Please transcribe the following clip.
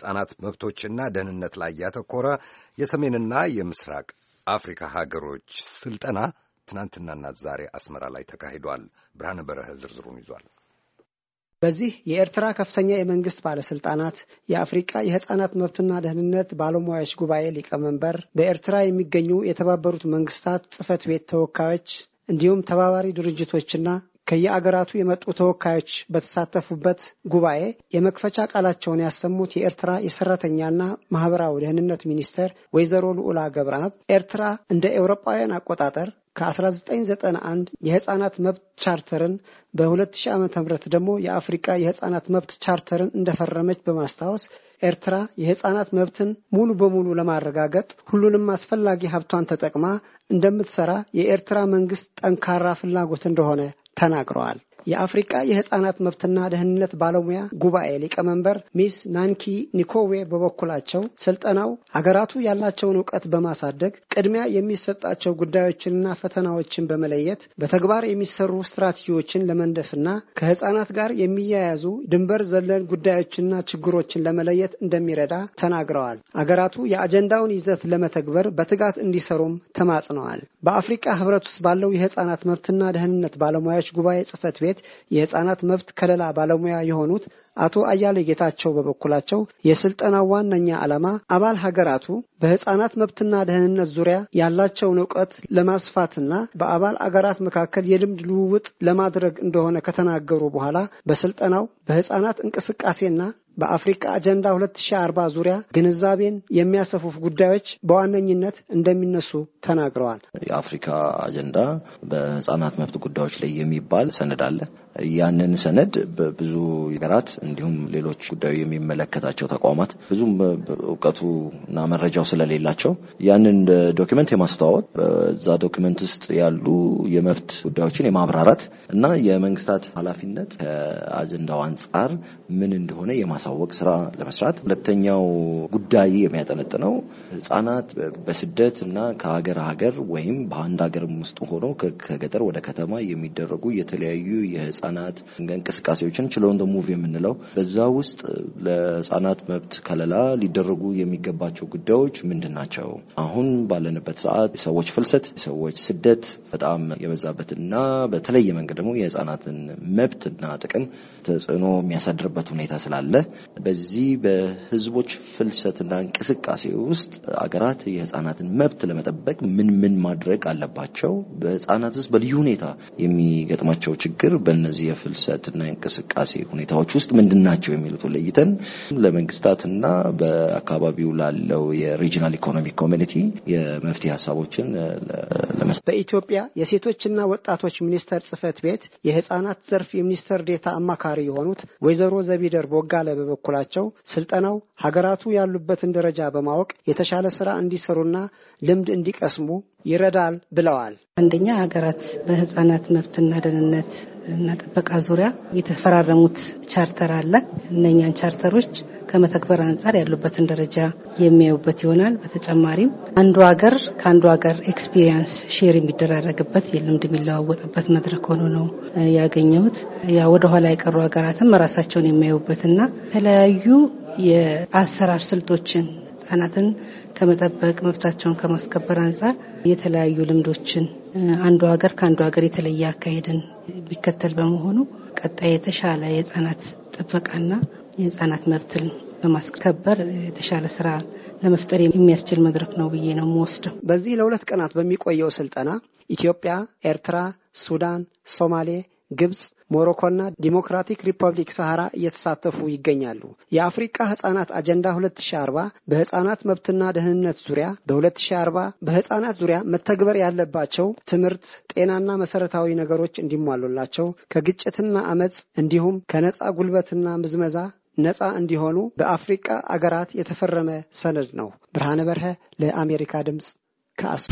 የሕፃናት መብቶችና ደህንነት ላይ ያተኮረ የሰሜንና የምስራቅ አፍሪካ ሀገሮች ስልጠና ትናንትናና ዛሬ አስመራ ላይ ተካሂዷል። ብርሃነ በረሀ ዝርዝሩን ይዟል። በዚህ የኤርትራ ከፍተኛ የመንግስት ባለስልጣናት የአፍሪቃ የህፃናት መብትና ደህንነት ባለሙያዎች ጉባኤ ሊቀመንበር፣ በኤርትራ የሚገኙ የተባበሩት መንግስታት ጽህፈት ቤት ተወካዮች እንዲሁም ተባባሪ ድርጅቶችና ከየአገራቱ የመጡ ተወካዮች በተሳተፉበት ጉባኤ የመክፈቻ ቃላቸውን ያሰሙት የኤርትራ የሰራተኛና ማህበራዊ ደህንነት ሚኒስቴር ወይዘሮ ልዑላ ገብረአብ ኤርትራ እንደ ኤውሮጳውያን አቆጣጠር ከ1991 የህፃናት መብት ቻርተርን በ2000 ዓ ም ደግሞ የአፍሪቃ የህፃናት መብት ቻርተርን እንደፈረመች በማስታወስ ኤርትራ የህፃናት መብትን ሙሉ በሙሉ ለማረጋገጥ ሁሉንም አስፈላጊ ሀብቷን ተጠቅማ እንደምትሰራ የኤርትራ መንግስት ጠንካራ ፍላጎት እንደሆነ ተናግረዋል የአፍሪቃ የህጻናት መብትና ደህንነት ባለሙያ ጉባኤ ሊቀመንበር ሚስ ናንኪ ኒኮዌ በበኩላቸው ስልጠናው ሀገራቱ ያላቸውን እውቀት በማሳደግ ቅድሚያ የሚሰጣቸው ጉዳዮችንና ፈተናዎችን በመለየት በተግባር የሚሰሩ ስትራቴጂዎችን ለመንደፍና ከህጻናት ጋር የሚያያዙ ድንበር ዘለል ጉዳዮችና ችግሮችን ለመለየት እንደሚረዳ ተናግረዋል። አገራቱ የአጀንዳውን ይዘት ለመተግበር በትጋት እንዲሰሩም ተማጽነዋል። በአፍሪቃ ህብረት ውስጥ ባለው የህጻናት መብትና ደህንነት ባለሙያዎች ጉባኤ ጽህፈት ቤት ቤት የህፃናት መብት ከለላ ባለሙያ የሆኑት አቶ አያሌ ጌታቸው በበኩላቸው የስልጠናው ዋነኛ ዓላማ አባል ሀገራቱ በህፃናት መብትና ደህንነት ዙሪያ ያላቸውን እውቀት ለማስፋትና በአባል አገራት መካከል የልምድ ልውውጥ ለማድረግ እንደሆነ ከተናገሩ በኋላ በስልጠናው በህፃናት እንቅስቃሴና በአፍሪካ አጀንዳ 2040 ዙሪያ ግንዛቤን የሚያሰፉፍ ጉዳዮች በዋነኝነት እንደሚነሱ ተናግረዋል። የአፍሪካ አጀንዳ በህጻናት መብት ጉዳዮች ላይ የሚባል ሰነድ አለ። ያንን ሰነድ በብዙ ሀገራት እንዲሁም ሌሎች ጉዳዩ የሚመለከታቸው ተቋማት ብዙም እውቀቱ እና መረጃው ስለሌላቸው ያንን ዶኪመንት የማስተዋወቅ በዛ ዶኪመንት ውስጥ ያሉ የመብት ጉዳዮችን የማብራራት እና የመንግስታት ኃላፊነት ከአጀንዳው አንጻር ምን እንደሆነ የማሳ የማሳወቅ ስራ ለመስራት። ሁለተኛው ጉዳይ የሚያጠነጥነው ህጻናት በስደት እና ከሀገር ሀገር ወይም በአንድ ሀገር ውስጥ ሆኖ ከገጠር ወደ ከተማ የሚደረጉ የተለያዩ የህጻናት እንቅስቃሴዎችን ችለው እንደ ሙቭ የምንለው በዛ ውስጥ ለህጻናት መብት ከለላ ሊደረጉ የሚገባቸው ጉዳዮች ምንድን ናቸው? አሁን ባለንበት ሰዓት የሰዎች ፍልሰት፣ የሰዎች ስደት በጣም እና በተለየ መንገድ ደግሞ የህጻናትን እና ጥቅም ተጽዕኖ የሚያሳድርበት ሁኔታ ስላለ በዚህ በህዝቦች ፍልሰትና እንቅስቃሴ ውስጥ አገራት የህፃናትን መብት ለመጠበቅ ምን ምን ማድረግ አለባቸው? በህፃናት ውስጥ በልዩ ሁኔታ የሚገጥማቸው ችግር በእነዚህ የፍልሰትና እንቅስቃሴ ሁኔታዎች ውስጥ ምንድን ናቸው የሚሉት ለይተን ለመንግስታትና በአካባቢው ላለው የሪጂናል ኢኮኖሚክ ኮሚኒቲ የመፍትሄ ሀሳቦችን ለመስጠት በኢትዮጵያ የሴቶችና ወጣቶች ሚኒስቴር ጽህፈት ቤት የህፃናት ዘርፍ የሚኒስትር ዴታ አማካሪ የሆኑት ወይዘሮ ዘቢደር ቦጋለ በበኩላቸው ስልጠናው ሀገራቱ ያሉበትን ደረጃ በማወቅ የተሻለ ስራ እንዲሰሩና ልምድ እንዲቀስሙ ይረዳል ብለዋል። አንደኛ ሀገራት በህጻናት መብትና ደህንነት እና ጥበቃ ዙሪያ የተፈራረሙት ቻርተር አለ። እነኛን ቻርተሮች ከመተግበር አንጻር ያሉበትን ደረጃ የሚያዩበት ይሆናል። በተጨማሪም አንዱ ሀገር ከአንዱ ሀገር ኤክስፒሪየንስ ሼር የሚደራረግበት የልምድ የሚለዋወጥበት መድረክ ሆኖ ነው ያገኘሁት። ያ ወደኋላ የቀሩ ሀገራትም ራሳቸውን የሚያዩበትና የተለያዩ የአሰራር ስልቶችን ህጻናትን ከመጠበቅ መብታቸውን ከማስከበር አንጻር የተለያዩ ልምዶችን አንዱ ሀገር ከአንዱ ሀገር የተለየ አካሄድን የሚከተል በመሆኑ ቀጣይ የተሻለ የህጻናት ጥበቃና የህጻናት መብትን በማስከበር የተሻለ ስራ ለመፍጠር የሚያስችል መድረክ ነው ብዬ ነው የምወስደው። በዚህ ለሁለት ቀናት በሚቆየው ስልጠና ኢትዮጵያ፣ ኤርትራ፣ ሱዳን፣ ሶማሌ፣ ግብፅ፣ ሞሮኮና ዲሞክራቲክ ሪፐብሊክ ሰሃራ እየተሳተፉ ይገኛሉ። የአፍሪካ ህጻናት አጀንዳ 2040 በህጻናት መብትና ደህንነት ዙሪያ በ2040 በህጻናት ዙሪያ መተግበር ያለባቸው ትምህርት፣ ጤናና መሰረታዊ ነገሮች እንዲሟሉላቸው ከግጭትና አመፅ እንዲሁም ከነፃ ጉልበትና ምዝመዛ ነፃ እንዲሆኑ በአፍሪቃ አገራት የተፈረመ ሰነድ ነው። ብርሃነ በርሀ ለአሜሪካ ድምፅ ከአስ